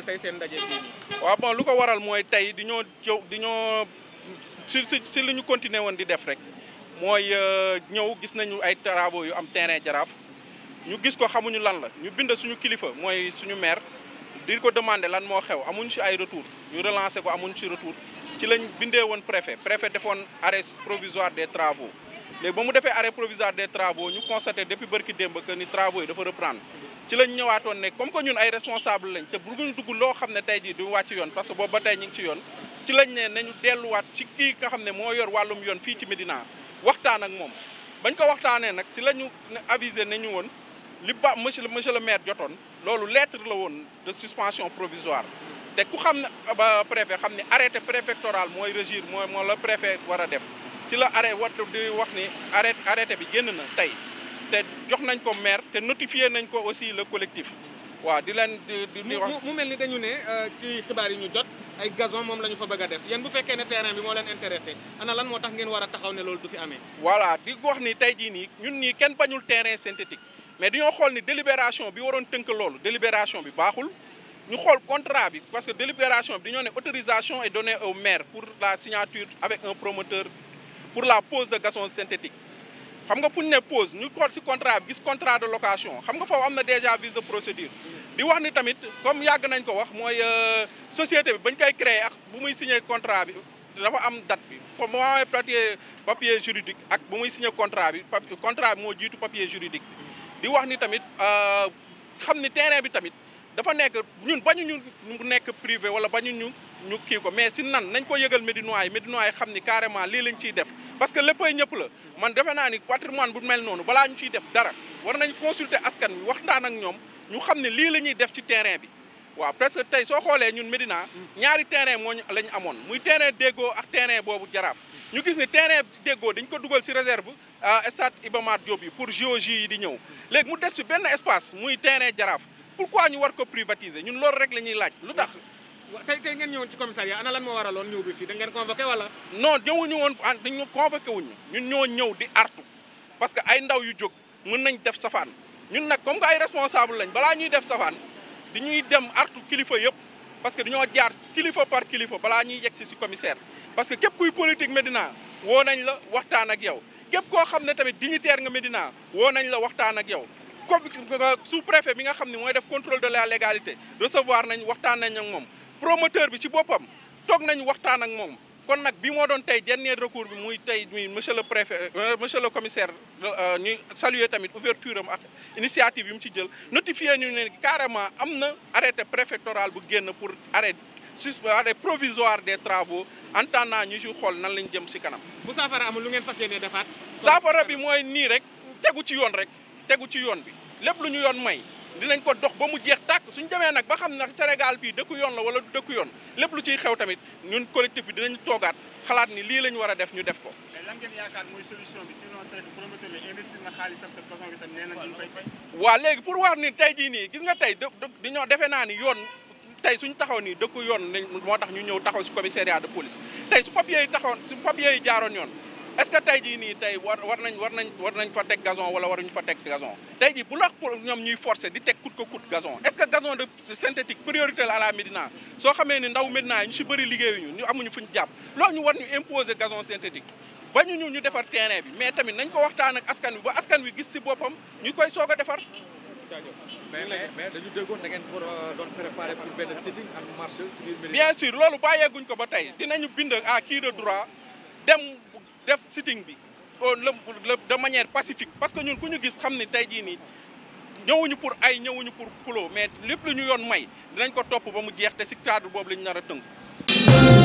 waral seen ndaje bii nii. bon lu ko waral mooy tey di ñoo jow di ñoo si lu ñu continuer woon di def rek mooy euh, ñëw gis nañu ay travaux yu am terrain jaraaf ñu gis ko xamuñu lan la ñu bind suñu kilifa mooy suñu maire di ko demander lan moo xew amuñ ci ay retour ñu relancer ko amuñ ci retour ci lañ bindee woon préfet préfet defoon arrêt provisoire des travaux. léegi ba mu defee arrêt provisoire des travaux ñu constaté depuis bërki démb que ni travaux yi dafa reprendre ci lañ ñëwaatoon ne comme que ñun ay responsable lañ te bëgguñu dugg loo xam ne tey jii du wàcc yoon parce que boobu ba tey ñu ngi ci yoon ci lañ ne nañu delluwaat ci kii nga xam ne moo yor wàllum yoon fii ci Médina waxtaan ak moom bañ ko waxtaanee nag si la ñu avisé nañu woon li ba monsieur monsieur le maire jotoon loolu lettre la woon de suspension provisoire ku xam ne euh, ba préfet xam ne arrêté préfectoral mooy régir mooy moo la préfet war a def si la arrêt wat di wax ni arrêt arrêté bi génn na tey te jox nañ ko maire te notifier nañ ko aussi le collectif waaw di leen di di wax mu mel ni dañu ne euh, ci xibaar yi ñu jot ay gazon moom lañu fa bëgg def yéen bu fekkee ne terrain bi moo leen intéressé ana lan moo tax ngeen war a taxaw ne loolu du fi amee voilà di wax ni tey jii nii ñun ñii kenn bañul terrain synthétique mais dañoo xool ni délibération bi waroon tënk loolu délibération bi baaxul ñu xool contrat bi parce que délibération bi dañoo ne autorisation est donnée maire pour la signature avec un promoteur pour la pose de gason synthétique xam nga fu ñu ne pose ñu xool si contrat bi gis contrat de location xam nga foofu am na déjà vice de procédure di wax ni tamit comme yàgg nañ ko wax mooy euh, société bi bañ koy créer ak bu muy signer contrat bi dafa am date bi comme moo amee papier papier juridique ak bu muy signer contrat bi contrat bi moo jiitu papier juridique di wax ni tamit euh, xam ni terrain bi tamit dafa nekk ñun bañu ñu mu nekk privé wala bañu ñu ñu kii ko mais si nan nañ ko yëgal Médinois yi Médinois xam ni carrément lii lañ ciy def parce que léppay ñëpp la man defe naa ni patrimoine bu mel noonu balaa ñu ciy def dara war nañ consulter askan wi waxtaan ak ñoom ñu xam ne lii la ñuy def ci terrain bi waaw presque tey soo xoolee ñun Médina ñaari terrain moo la ñu amoon muy terrain déggoo ak terrain boobu jaraaf ñu gis ne terrain déggoo dañ ko dugal si réserve euh, stade Iba Mar yi pour JOJ yi di ñëw léegi mu des fi benn espace muy terrain jaraaf pourquoi ñu war ko privatiser ñun loolu rek la ñuy laaj lu tax tey tey ngeen ñëwoon ci commissariat ana lan moo waraloon ñëw bi fii da ngeen convoqué wala. non ñëwuñu woon ah dañ ñu convoqué wuñu ñun ñëw di artu parce que ay ndaw yu jóg mën nañ def safaan ñun nag comme que ay responsable lañ balaa ñuy def safaan di ñuy dem artu kilifa yëpp parce que dañoo jaar kilifa par kilifa balaa ñuy yegg si si commissaire. parce que képp kuy politique Médina woo nañ la waxtaan ak yow képp koo xam ne tamit dignitaire nga Médina woo nañ la waxtaan ak yow. comme euh, sous bi nga xam ne mooy def contrôle de la légalité recevoir nañ waxtaan nañ ak moom. promoteur bi ci boppam toog nañu waxtaan ak moom kon nag bi moo doon tey dernier recours bi muy tey muy monsieur le préfet euh, monsieur le commissaire euh, ñu saluer tamit ouverture am ak initiative yi mu ci jël notifié ñu ne carrément am na arrêté préfectoral bu génn pour arrêt sus arrêt provisoire des travaux en tant ñu ci xool nan lañ jëm si kanam. bu saafara amul lu ngeen fas yéene defaat. saafara bi mooy nii rek tegu ci yoon rek tegu ci yoon bi lépp lu ñu yoon may. dinañ ko dox ba mu jeex tàkk suñ demee nag ba xam ne Sénégal bii dëkk yoon la wala du dëkku yoon lépp lu ciy xew tamit ñun collectif bi dinañ toogaat xalaat ni lii lañu war a def ñu def ko. mais lan ngeen bi sinon c'est xaalisam te façon bi nee na duñ léegi pour wax ni tey jii nii gis nga tey di ñoo defee naa ni yoon tey suñ taxaw nii dëkku yoon moo tax ñu ñëw taxaw si commissariat de police tey su papier yi taxawoon su papier yi jaaroon yoon. est-ce que tey jii nii tey war war nañ war nañ war nañ fa teg gazon wala waruñu fa teg gazon tey jii bu la ñoom ñuy forcer di teg coûte que coûte gazon est-ce que gazon de synthétique priorité la Médina soo xamee ni ndaw Médina ñu si bëri liggéeyuñu ñu amuñu fu ñu jàpp loolu ñu war ñu imposer gazon synthétique ba ñu ñu ñu defar terrain bi mais tamit nañ ko waxtaan ak askan wi ba askan wi gis si boppam ñu koy soog a defar. mais mais dañu déggoon da ngeen euh, doon préparer pour benn sitting bien sûr loolu bàyyeeguñ ko ba tey dinañu bind à qui def sitting bi de manière pacifique parce que ñun ku ñu gis xam ne tey jii nii ñëwuñu pour ay ñëwuñu pour xuloo mais lépp lu ñu yoon may dinañ ko topp ba mu jeex te si cadre boobu la nar a tënk